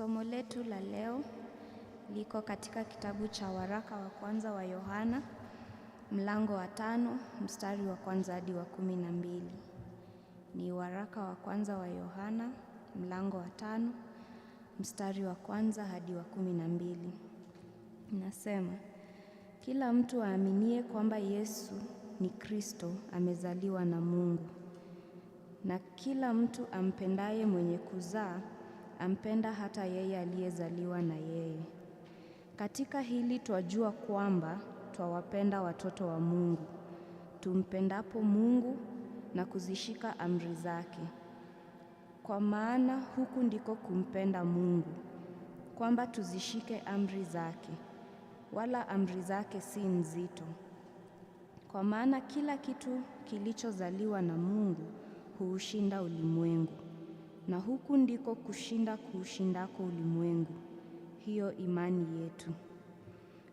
Somo letu la leo liko katika kitabu cha waraka wa kwanza wa Yohana mlango wa tano mstari wa kwanza hadi wa kumi na mbili. Ni waraka wa kwanza wa Yohana mlango wa tano mstari wa kwanza hadi wa kumi na mbili. Inasema, kila mtu aaminie kwamba Yesu ni Kristo amezaliwa na Mungu, na kila mtu ampendaye mwenye kuzaa ampenda hata yeye aliyezaliwa na yeye. Katika hili twajua kwamba twawapenda watoto wa Mungu tumpendapo Mungu na kuzishika amri zake. Kwa maana huku ndiko kumpenda Mungu, kwamba tuzishike amri zake, wala amri zake si nzito. Kwa maana kila kitu kilichozaliwa na Mungu huushinda ulimwengu na huku ndiko kushinda kuushindako ulimwengu, hiyo imani yetu.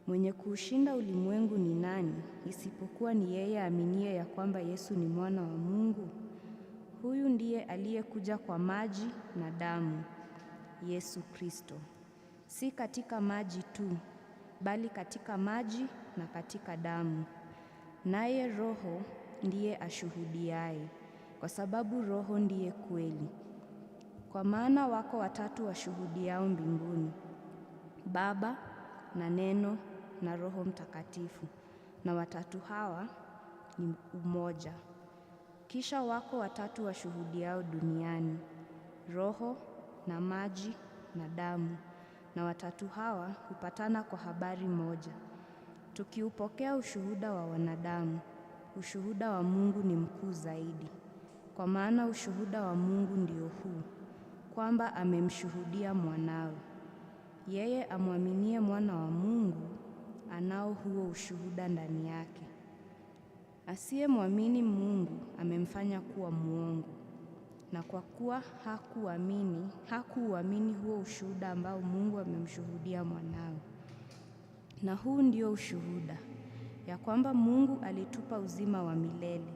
Mwenye kuushinda ulimwengu ni nani, isipokuwa ni yeye aaminie ya kwamba Yesu ni mwana wa Mungu? Huyu ndiye aliyekuja kwa maji na damu, Yesu Kristo, si katika maji tu, bali katika maji na katika damu. Naye Roho ndiye ashuhudiaye, kwa sababu Roho ndiye kweli. Kwa maana wako watatu washuhudiao mbinguni, Baba na Neno na Roho Mtakatifu, na watatu hawa ni umoja. Kisha wako watatu washuhudiao duniani, roho na maji na damu, na watatu hawa hupatana kwa habari moja. Tukiupokea ushuhuda wa wanadamu, ushuhuda wa Mungu ni mkuu zaidi, kwa maana ushuhuda wa Mungu ndio huu kwamba amemshuhudia mwanawe. Yeye amwaminie mwana wa Mungu anao huo ushuhuda ndani yake. Asiyemwamini Mungu amemfanya kuwa mwongo, na kwa kuwa hakuamini hakuuamini huo ushuhuda ambao Mungu amemshuhudia mwanawe. Na huu ndio ushuhuda ya kwamba Mungu alitupa uzima wa milele,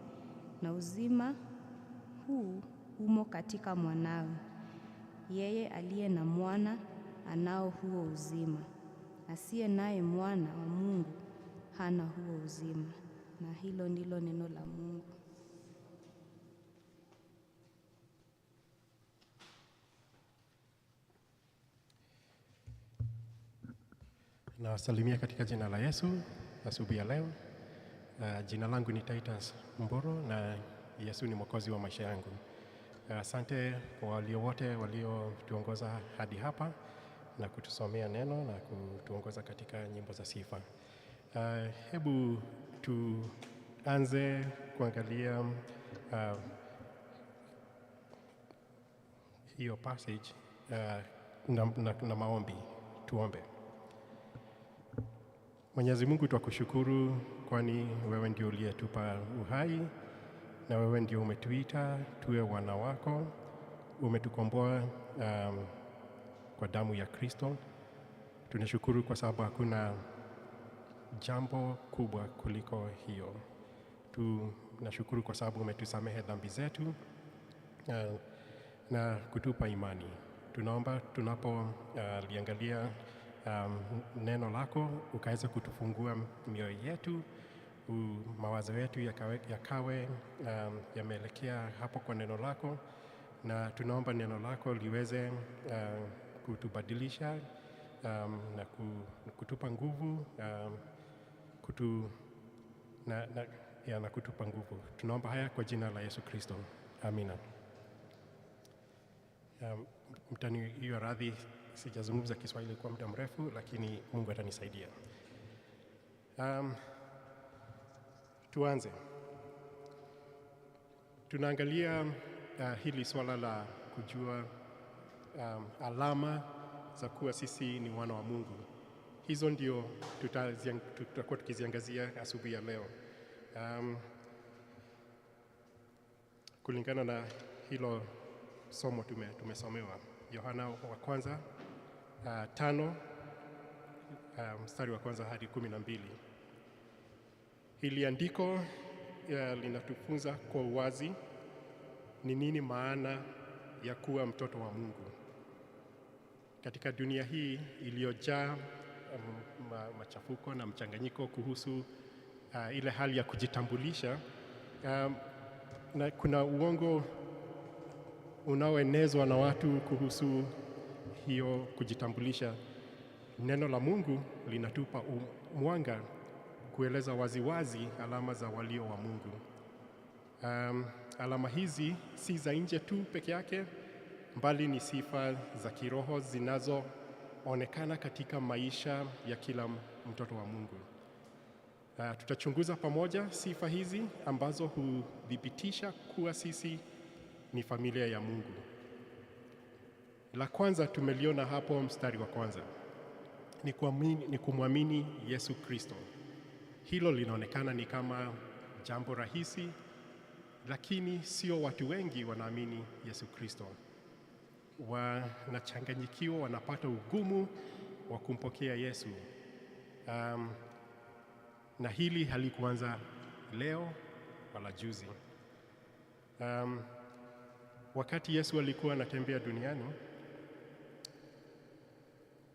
na uzima huu umo katika mwanawe. Yeye aliye na mwana anao huo uzima, asiye naye mwana wa Mungu hana huo uzima. Na hilo ndilo neno la Mungu. Nawasalimia katika jina la Yesu asubuhi ya leo. Uh, jina langu ni Titus Mboro na Yesu ni mwokozi wa maisha yangu. Asante kwa walio wote waliotuongoza hadi hapa na kutusomea neno na kutuongoza katika nyimbo za sifa. Uh, hebu tuanze kuangalia uh, hiyo passage uh, na, na, na maombi. Tuombe. Mwenyezi Mungu, twakushukuru kwani wewe ndio uliyetupa uhai na wewe ndio umetuita tuwe wana wako, umetukomboa um, kwa damu ya Kristo. Tunashukuru kwa sababu hakuna jambo kubwa kuliko hiyo. Tunashukuru kwa sababu umetusamehe dhambi zetu na, uh, na kutupa imani. Tunaomba tunapoliangalia uh, um, neno lako ukaweza kutufungua mioyo yetu mawazo yetu yakawe, kawe um, yameelekea hapo kwa neno lako, na tunaomba neno lako liweze uh, kutubadilisha um, na kutupa nguvu um, kutu, na, na, ya, na kutupa nguvu. Tunaomba haya kwa jina la Yesu Kristo, amina. Um, mtani hiyo radhi, sijazungumza Kiswahili kwa muda mrefu, lakini Mungu atanisaidia um, Tuanze. Tunaangalia uh, hili swala la kujua um, alama za kuwa sisi ni wana wa Mungu. Hizo ndio tutakuwa tukiziangazia asubuhi ya leo. Um, kulingana na hilo somo tume, tumesomewa Yohana wa kwanza uh, tano uh, mstari wa kwanza hadi kumi na mbili. Hili andiko linatufunza kwa uwazi ni nini maana ya kuwa mtoto wa Mungu katika dunia hii iliyojaa um, machafuko na mchanganyiko kuhusu uh, ile hali ya kujitambulisha um, na kuna uongo unaoenezwa na watu kuhusu hiyo kujitambulisha. Neno la Mungu linatupa mwanga kueleza waziwazi alama za walio wa Mungu. Um, alama hizi si za nje tu peke yake, mbali ni sifa za kiroho zinazoonekana katika maisha ya kila mtoto wa Mungu. Uh, tutachunguza pamoja sifa hizi ambazo huthibitisha kuwa sisi ni familia ya Mungu. La kwanza tumeliona hapo mstari wa kwanza ni kumwamini Yesu Kristo. Hilo linaonekana ni kama jambo rahisi, lakini sio watu wengi wanaamini Yesu Kristo. Wanachanganyikiwa, wanapata ugumu wa kumpokea Yesu. Um, na hili halikuanza leo wala juzi. Um, wakati Yesu alikuwa anatembea duniani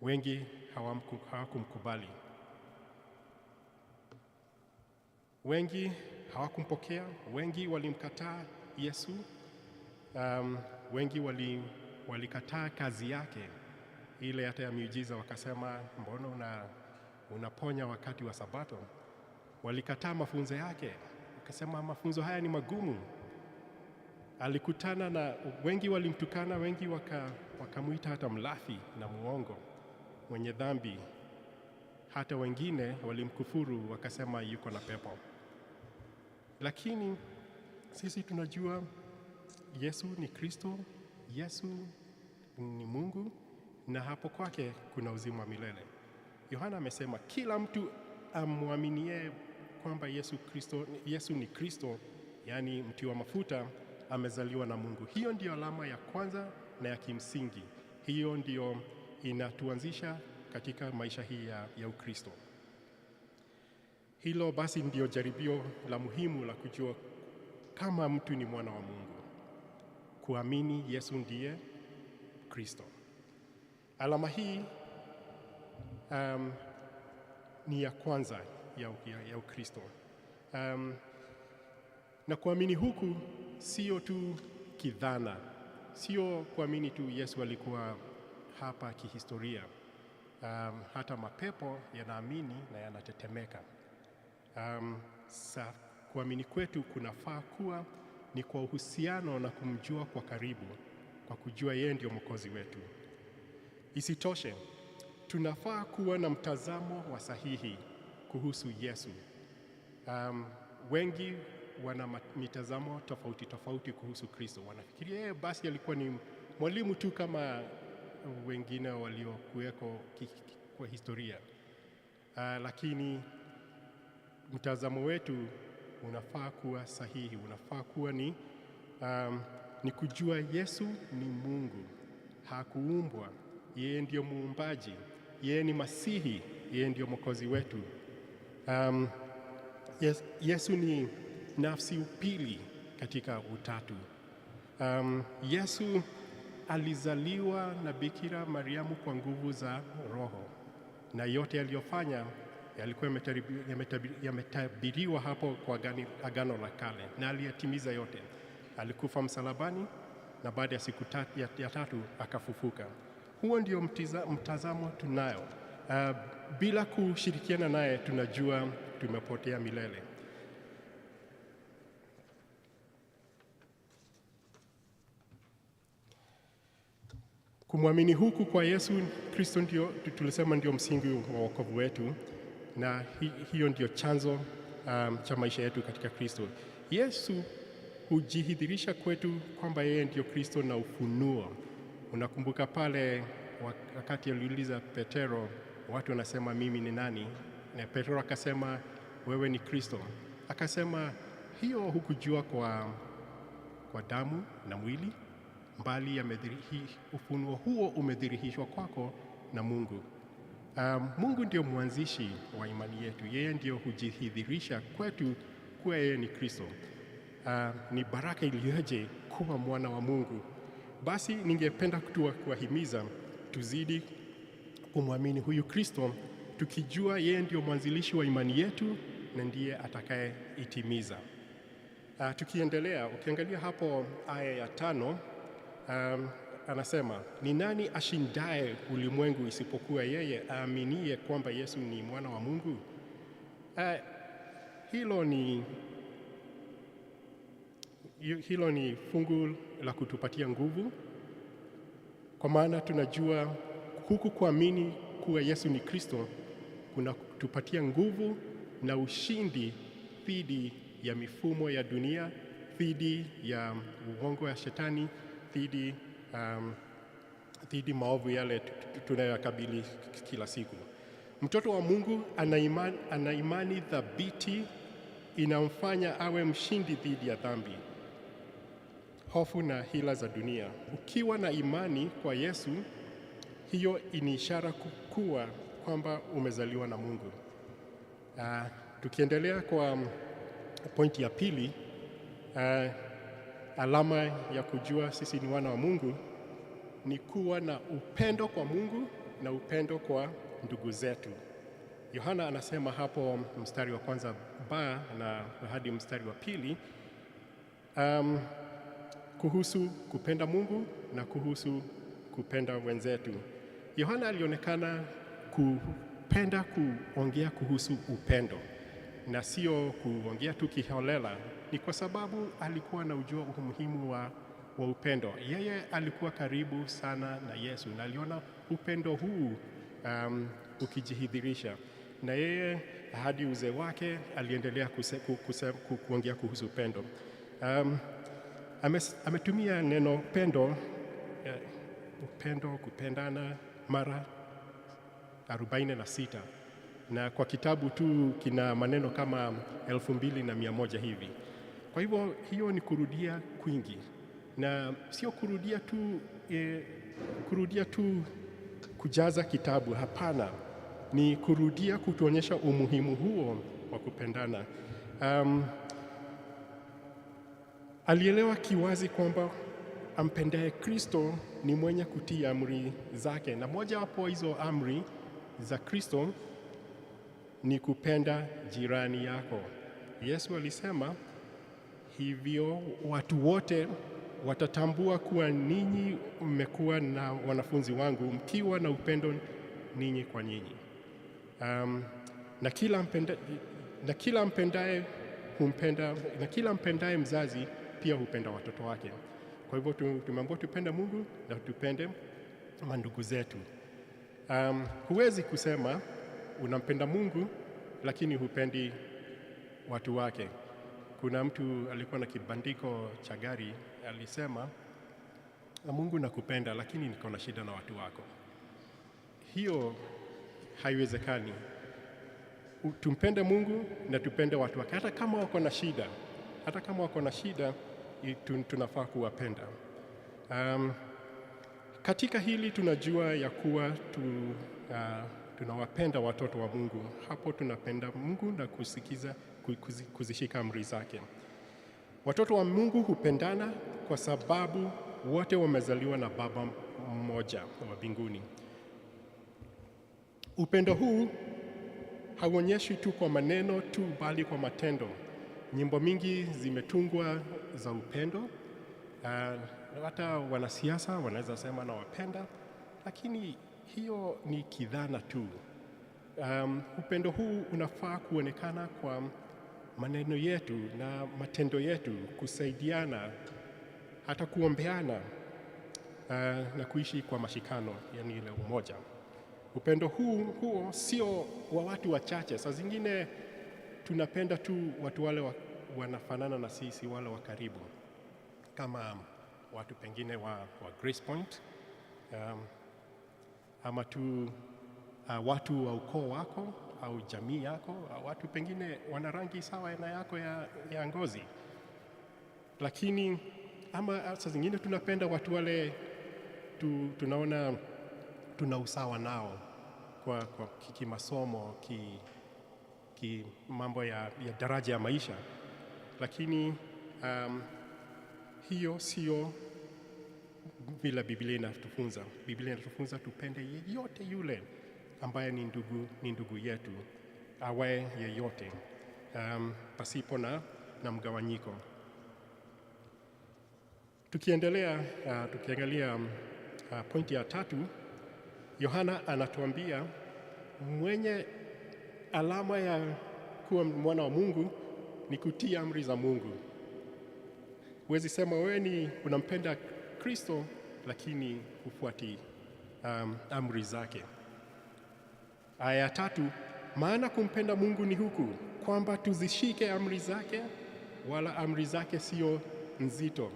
wengi hawakumkubali Wengi hawakumpokea, wengi walimkataa Yesu. Um, wengi wali, walikataa kazi yake ile hata ya miujiza, wakasema mbona una, unaponya wakati wa Sabato? Walikataa mafunzo yake, wakasema mafunzo haya ni magumu. Alikutana na wengi, walimtukana wengi, wakamwita hata mlafi na muongo, mwenye dhambi. Hata wengine walimkufuru, wakasema yuko na pepo. Lakini sisi tunajua Yesu ni Kristo, Yesu ni Mungu na hapo kwake kuna uzima wa milele. Yohana amesema kila mtu amwaminie kwamba Yesu Kristo, Yesu ni Kristo, yaani mti wa mafuta, amezaliwa na Mungu. Hiyo ndiyo alama ya kwanza na ya kimsingi. Hiyo ndiyo inatuanzisha katika maisha hii ya, ya Ukristo. Hilo basi ndio jaribio la muhimu la kujua kama mtu ni mwana wa Mungu, kuamini Yesu ndiye Kristo. Alama hii um, ni ya kwanza ya, ya, ya Ukristo um, na kuamini huku sio tu kidhana, sio kuamini tu Yesu alikuwa hapa kihistoria. Um, hata mapepo yanaamini na yanatetemeka um, sa kuamini kwetu kunafaa kuwa ni kwa uhusiano na kumjua kwa karibu, kwa kujua yeye ndio mwokozi wetu. Isitoshe, tunafaa kuwa na mtazamo wa sahihi kuhusu Yesu. Um, wengi wana mitazamo tofauti tofauti kuhusu Kristo. Wanafikiria yeye eh, basi alikuwa ni mwalimu tu kama wengine waliokuweko kwa historia. Uh, lakini mtazamo wetu unafaa kuwa sahihi, unafaa kuwa ni, um, ni kujua Yesu ni Mungu, hakuumbwa. Yeye ndio muumbaji, yeye ni Masihi, yeye ndiyo mwokozi wetu. Um, yes, Yesu ni nafsi upili katika utatu. Um, Yesu alizaliwa na Bikira Mariamu kwa nguvu za Roho na yote aliyofanya yalikuwa yametabiriwa hapo kwa Agano la Kale, na aliyatimiza yote. Alikufa msalabani na baada ya siku tatu, ya, ya tatu akafufuka. Huo ndio mtiza, mtazamo tunayo. Uh, bila kushirikiana naye tunajua tumepotea milele. Kumwamini huku kwa Yesu Kristo ndio tulisema ndio msingi wa wokovu wetu na hi, hiyo ndio chanzo um, cha maisha yetu katika Kristo. Yesu hujihidhirisha kwetu kwamba yeye ndio Kristo na ufunuo. Unakumbuka pale wakati aliuliza Petero, watu wanasema mimi ni nani? Na Petero akasema wewe ni Kristo. Akasema hiyo hukujua kwa, kwa damu na mwili, bali ufunuo huo umedhihirishwa kwako na Mungu. Um, Mungu ndio mwanzishi wa imani yetu. Yeye ndio hujidhihirisha kwetu kuwa yeye ni Kristo. Uh, ni baraka iliyoje kuwa mwana wa Mungu. Basi ningependa kuwahimiza tuzidi kumwamini huyu Kristo tukijua yeye ndio mwanzilishi wa imani yetu na ndiye atakayeitimiza. Uh, tukiendelea ukiangalia hapo aya ya tano um, anasema ni nani ashindaye ulimwengu isipokuwa yeye aaminie kwamba Yesu ni mwana wa Mungu? Uh, hilo ni hilo ni fungu la kutupatia nguvu, kwa maana tunajua huku kuamini kuwa Yesu ni Kristo kuna kutupatia nguvu na ushindi dhidi ya mifumo ya dunia, dhidi ya uongo ya shetani, dhidi Um, dhidi um, maovu yale tunayoyakabili kila siku. Mtoto wa Mungu ana imani, ana imani thabiti inamfanya awe mshindi dhidi ya dhambi, hofu na hila za dunia. Ukiwa na imani kwa Yesu, hiyo ni ishara kuwa kwamba umezaliwa na Mungu. Uh, tukiendelea kwa um, pointi ya pili, uh, alama ya kujua sisi ni wana wa Mungu ni kuwa na upendo kwa Mungu na upendo kwa ndugu zetu. Yohana anasema hapo mstari wa kwanza ba na hadi mstari wa pili um, kuhusu kupenda Mungu na kuhusu kupenda wenzetu. Yohana alionekana kupenda kuongea kuhusu upendo na sio kuongea tu kiholela. Ni kwa sababu alikuwa na ujua umuhimu wa wa upendo. Yeye alikuwa karibu sana na Yesu na aliona upendo huu um, ukijihidhirisha na yeye hadi uzee wake aliendelea kuse, kuse, kuongea kuhusu upendo Um, ametumia neno pendo, eh, upendo, kupendana mara 46 na kwa kitabu tu kina maneno kama elfu mbili na mia moja hivi. Kwa hivyo hiyo ni kurudia kwingi na sio kurudia tu, e, kurudia tu kujaza kitabu. Hapana, ni kurudia kutuonyesha umuhimu huo wa kupendana. Um, alielewa kiwazi kwamba ampendaye Kristo ni mwenye kutii amri zake, na mojawapo hizo amri za Kristo ni kupenda jirani yako. Yesu alisema hivyo watu wote watatambua kuwa ninyi mmekuwa na wanafunzi wangu mkiwa na upendo ninyi kwa ninyi. Um, na kila mpenda, na kila mpendaye humpenda, na kila mpendaye mzazi pia hupenda watoto wake. Kwa hivyo tumeambiwa tupende Mungu na tupende mandugu zetu. Um, huwezi kusema unampenda Mungu lakini hupendi watu wake kuna mtu alikuwa na kibandiko cha gari alisema, Mungu nakupenda, lakini niko na shida na watu wako. Hiyo haiwezekani. Tumpende Mungu na tupende watu wake, hata kama wako na shida, hata kama wako na shida tunafaa kuwapenda. Um, katika hili tunajua ya kuwa tu, uh, tunawapenda watoto wa Mungu. Hapo tunapenda Mungu na kusikiza kuzishika amri zake. Watoto wa Mungu hupendana kwa sababu wote wamezaliwa na Baba mmoja wa mbinguni. Upendo huu hauonyeshi tu kwa maneno tu, bali kwa matendo. Nyimbo mingi zimetungwa za upendo. na hata wanasiasa wanaweza sema nawapenda, lakini hiyo ni kidhana tu. Um, upendo huu unafaa kuonekana kwa maneno yetu na matendo yetu kusaidiana, hata kuombeana eh, na kuishi kwa mashikano, yani ile umoja. Upendo huu huo sio wa watu wachache. Saa zingine tunapenda tu watu wale wa, wanafanana na sisi wale wa karibu, kama watu pengine wa, wa Grace Point um, ama tu uh, watu wa ukoo wako au jamii yako au watu pengine wana rangi sawa na yako ya, ya ngozi, lakini ama saa zingine tunapenda watu wale tu, tunaona tuna usawa nao kwa, kwa kimasomo ki, ki mambo ya, ya daraja ya maisha, lakini um, hiyo sio vile Biblia inatufunza. Biblia inatufunza tupende yeyote yule ambaye ni ndugu, ni ndugu yetu awe yeyote um, pasipo na, na mgawanyiko. Tukiendelea uh, tukiangalia um, uh, pointi ya tatu, Yohana anatuambia mwenye alama ya kuwa mwana wa Mungu ni kutii amri za Mungu. Huwezi sema wewe ni unampenda Kristo lakini hufuati um, amri zake. Aya ya tatu, maana kumpenda Mungu ni huku kwamba tuzishike amri zake, wala amri zake sio nzito.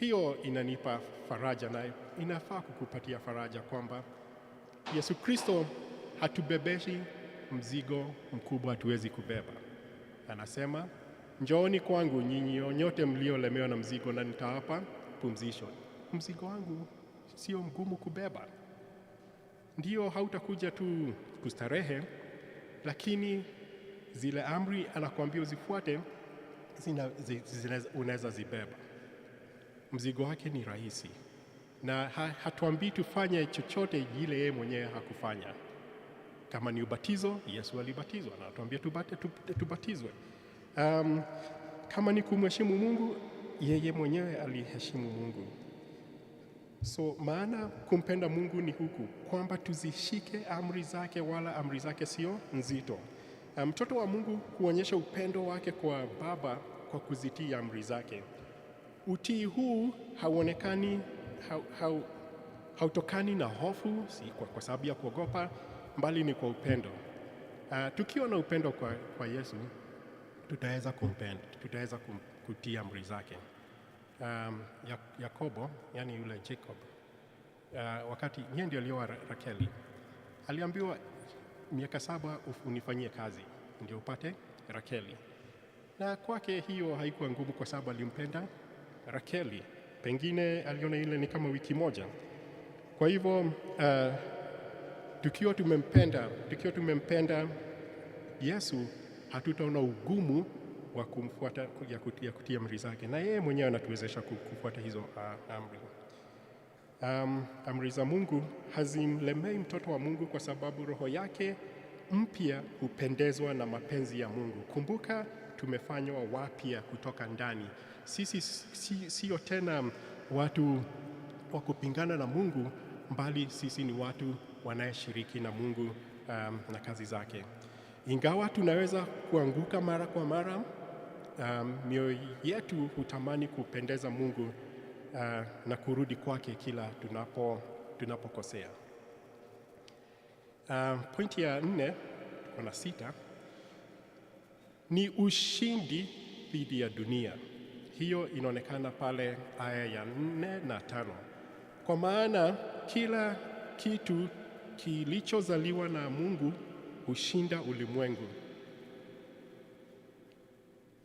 Hiyo inanipa faraja na inafaa kukupatia faraja kwamba Yesu Kristo hatubebeshi mzigo mkubwa hatuwezi kubeba. Anasema, njooni kwangu nyinyi nyote mliolemewa na mzigo, na nitawapa pumzisho. Mzigo wangu sio mgumu kubeba ndio hautakuja tu kustarehe, lakini zile amri anakuambia uzifuate unaweza zibeba. Mzigo wake ni rahisi, na hatuambii tufanye chochote ile yeye mwenyewe hakufanya. Kama ni ubatizo, Yesu alibatizwa na anatuambia tubatizwe. Um, kama ni kumheshimu Mungu, yeye mwenyewe aliheshimu Mungu. So maana kumpenda Mungu ni huku kwamba tuzishike amri zake, wala amri zake sio nzito. Mtoto um, wa Mungu huonyesha upendo wake kwa Baba kwa kuzitii amri zake. Utii huu hauonekani ha, ha, hautokani na hofu, si kwa, kwa sababu ya kuogopa, mbali ni kwa upendo. Uh, tukiwa na upendo kwa, kwa Yesu tutaweza kumpenda, tutaweza kutii amri zake um, Yakobo, yani yule Jacob uh, wakati yeye ndio alioa Rakeli aliambiwa miaka saba unifanyie kazi ndio upate Rakeli, na kwake hiyo haikuwa ngumu kwa sababu alimpenda Rakeli. Pengine aliona ile ni kama wiki moja. Kwa hivyo uh, tukiwa tumempenda tukiwa tumempenda Yesu hatutaona ugumu wa kumfuata ya kutia, kutia amri zake, na yeye mwenyewe anatuwezesha kufuata hizo uh, amri. Um, amri za Mungu hazimlemei mtoto wa Mungu kwa sababu roho yake mpya hupendezwa na mapenzi ya Mungu. Kumbuka tumefanywa wapya kutoka ndani. Sisi si, tena watu wa kupingana na Mungu, mbali sisi ni watu wanayeshiriki na Mungu um, na kazi zake. Ingawa tunaweza kuanguka mara kwa mara um, mioyo yetu hutamani kupendeza Mungu uh, na kurudi kwake kila tunapo tunapokosea. Uh, pointi ya nne tuko na sita ni ushindi dhidi ya dunia. Hiyo inaonekana pale aya ya nne na tano kwa maana kila kitu kilichozaliwa na Mungu hushinda ulimwengu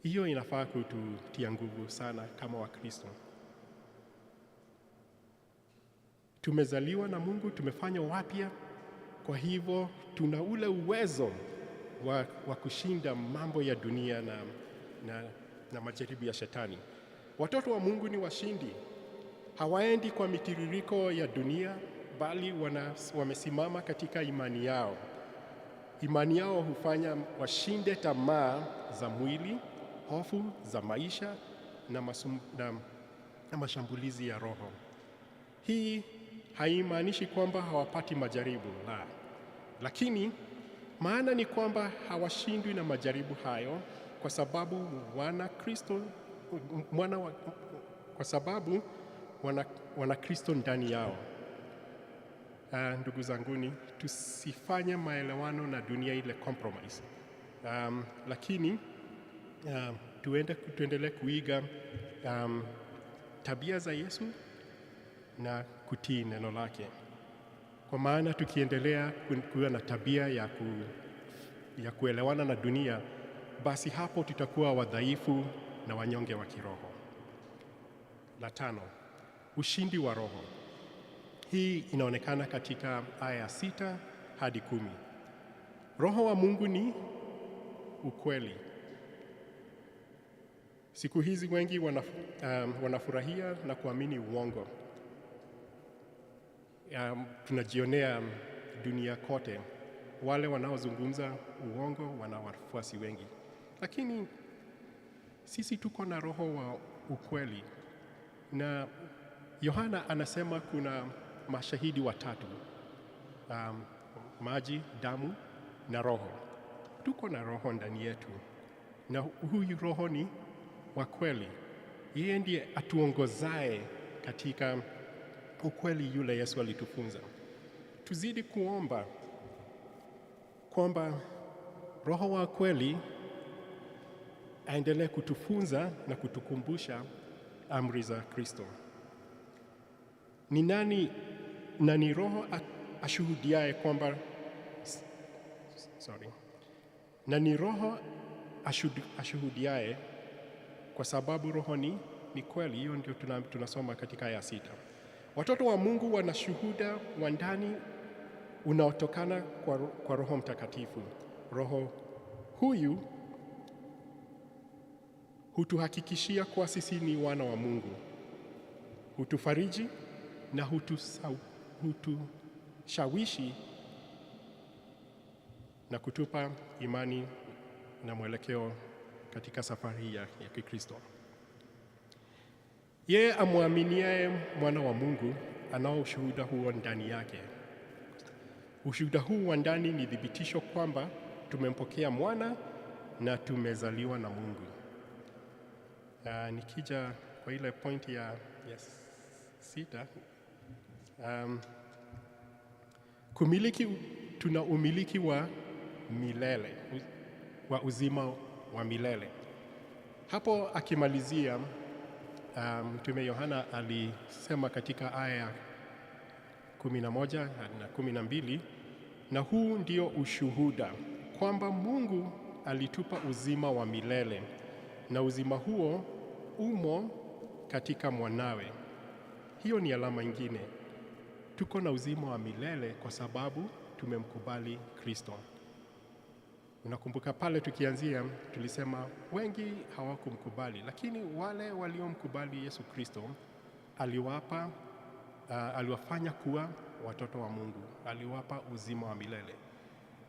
hiyo inafaa kututia nguvu sana kama Wakristo. Tumezaliwa na Mungu, tumefanywa wapya, kwa hivyo tuna ule uwezo wa, wa kushinda mambo ya dunia na, na, na majaribu ya Shetani. Watoto wa Mungu ni washindi, hawaendi kwa mitiririko ya dunia, bali wana, wamesimama katika imani yao. Imani yao hufanya washinde tamaa za mwili hofu za maisha na, masum, na, na mashambulizi ya roho. Hii haimaanishi kwamba hawapati majaribu, la, lakini maana ni kwamba hawashindwi na majaribu hayo kwa sababu wana Kristo, mwana wa, kwa sababu wana, wana Kristo ndani yao. Uh, ndugu zanguni, tusifanye maelewano na dunia ile compromise. Um, lakini um, tuende, tuendelee kuiga um, tabia za Yesu na kutii neno lake, kwa maana tukiendelea kuwa na tabia ya, ku, ya kuelewana na dunia, basi hapo tutakuwa wadhaifu na wanyonge wa kiroho. La tano, ushindi wa Roho. Hii inaonekana katika aya sita hadi kumi. Roho wa Mungu ni ukweli Siku hizi wengi wanaf, um, wanafurahia na kuamini uongo. Um, tunajionea dunia kote wale wanaozungumza uongo wana wafuasi wengi, lakini sisi tuko na roho wa ukweli, na Yohana anasema kuna mashahidi watatu, um, maji, damu na roho. Tuko na roho ndani yetu, na huyu roho ni wa kweli. Yeye ndiye atuongozaye katika ukweli yule Yesu alitufunza. Tuzidi kuomba kwamba Roho wa kweli aendelee kutufunza na kutukumbusha amri za Kristo. Ni nani na ni Roho ashuhudiaye kwamba sorry, na ni Roho ashuhudiaye kwa sababu roho ni ni kweli. Hiyo ndio tunasoma katika aya sita. Watoto wa Mungu wana shuhuda wa ndani unaotokana kwa, kwa Roho Mtakatifu. Roho huyu hutuhakikishia kuwa sisi ni wana wa Mungu, hutufariji na hutushawishi na kutupa imani na mwelekeo katika safari hii ya, ya Kikristo. Yeye amwaminiaye mwana wa Mungu anao ushuhuda huo ndani yake. Ushuhuda huu wa ndani ni thibitisho kwamba tumempokea mwana na tumezaliwa na Mungu. Na nikija kwa ile pointi ya, ya sita um, kumiliki, tuna umiliki wa milele wa uzima wa milele. Hapo akimalizia um, Mtume um, Yohana alisema katika aya ya na moja mbili na huu ndio ushuhuda kwamba Mungu alitupa uzima wa milele na uzima huo umo katika mwanawe. Hiyo ni alama ingine, tuko na uzima wa milele kwa sababu tumemkubali Kristo. Unakumbuka pale tukianzia, tulisema wengi hawakumkubali, lakini wale waliomkubali Yesu Kristo aliwapa uh, aliwafanya kuwa watoto wa Mungu, aliwapa uzima wa milele.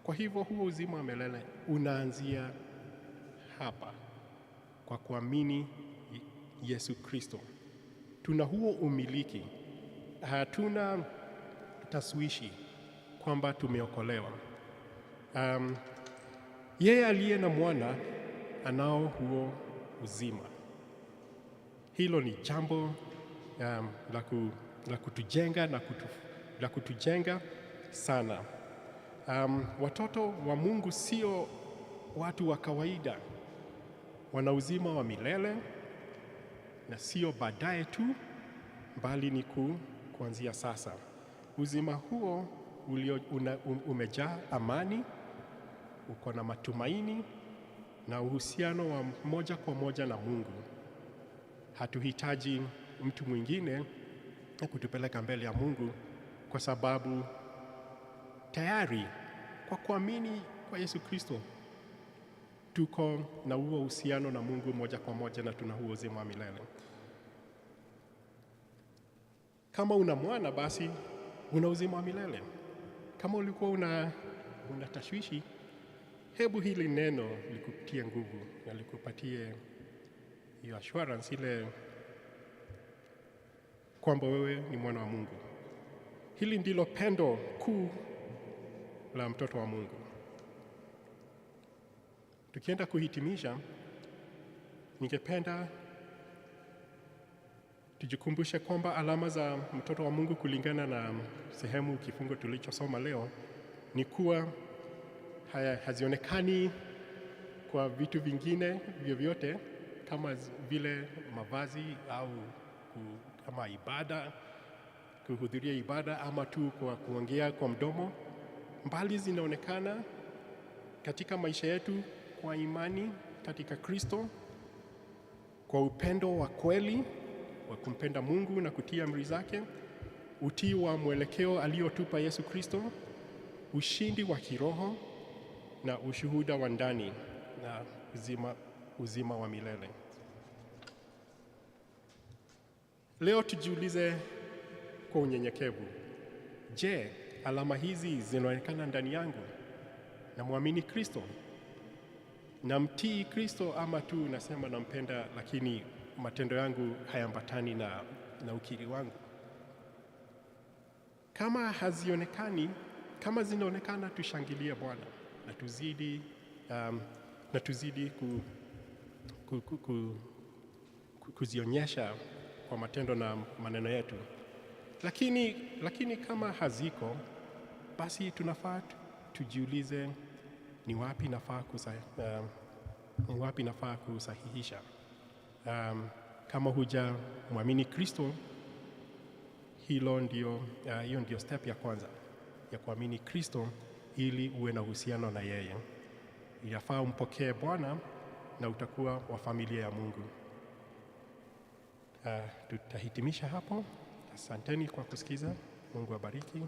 Kwa hivyo huo uzima wa milele unaanzia hapa kwa kuamini Yesu Kristo. Tuna huo umiliki, hatuna taswishi kwamba tumeokolewa. Um, yeye aliye na mwana anao huo uzima. Hilo ni jambo um, la, ku, la kutujenga na kutu, la kutujenga sana. Um, watoto wa Mungu sio watu wa kawaida, wana uzima wa milele na sio baadaye tu, bali ni ku, kuanzia sasa. Uzima huo ulio, una, umejaa amani uko na matumaini na uhusiano wa moja kwa moja na Mungu. Hatuhitaji mtu mwingine kutupeleka mbele ya Mungu kwa sababu tayari kwa kuamini kwa Yesu Kristo tuko na huo uhusiano na Mungu moja kwa moja na tuna huo uzima wa milele. Kama una mwana basi una uzima wa milele. Kama ulikuwa una, una tashwishi hebu hili neno likutie nguvu na likupatie hiyo assurance ile kwamba wewe ni mwana wa Mungu. Hili ndilo pendo kuu la mtoto wa Mungu. Tukienda kuhitimisha, ningependa tujikumbushe kwamba alama za mtoto wa Mungu kulingana na sehemu kifungo tulichosoma leo ni kuwa hazionekani kwa vitu vingine vyovyote kama vile mavazi au kama ibada, kuhudhuria ibada ama tu kwa kuongea kwa mdomo. Mbali zinaonekana katika maisha yetu kwa imani katika Kristo, kwa upendo wa kweli wa kumpenda Mungu na kutia amri zake, utii wa mwelekeo aliotupa Yesu Kristo, ushindi wa kiroho na ushuhuda wa ndani na uzima, uzima wa milele. Leo tujiulize kwa unyenyekevu, je, alama hizi zinaonekana ndani yangu? Namwamini Kristo? Namtii Kristo ama tu nasema nampenda, lakini matendo yangu hayaambatani na, na ukiri wangu? Kama hazionekani, kama zinaonekana, tushangilie Bwana na tuzidi, um, na tuzidi ku, ku, ku, ku, ku, kuzionyesha kwa matendo na maneno yetu. Lakini, lakini kama haziko basi tunafaa tujiulize ni wapi nafaa kusa, um, ni wapi nafaa kusahihisha. Um, kama huja mwamini Kristo, hilo ndio uh, hiyo uh, ndio step ya kwanza ya kuamini Kristo ili uwe na uhusiano na yeye. Yafaa umpokee Bwana na utakuwa wa familia ya Mungu. Uh, tutahitimisha hapo. Asanteni kwa kusikiza. Mungu abariki.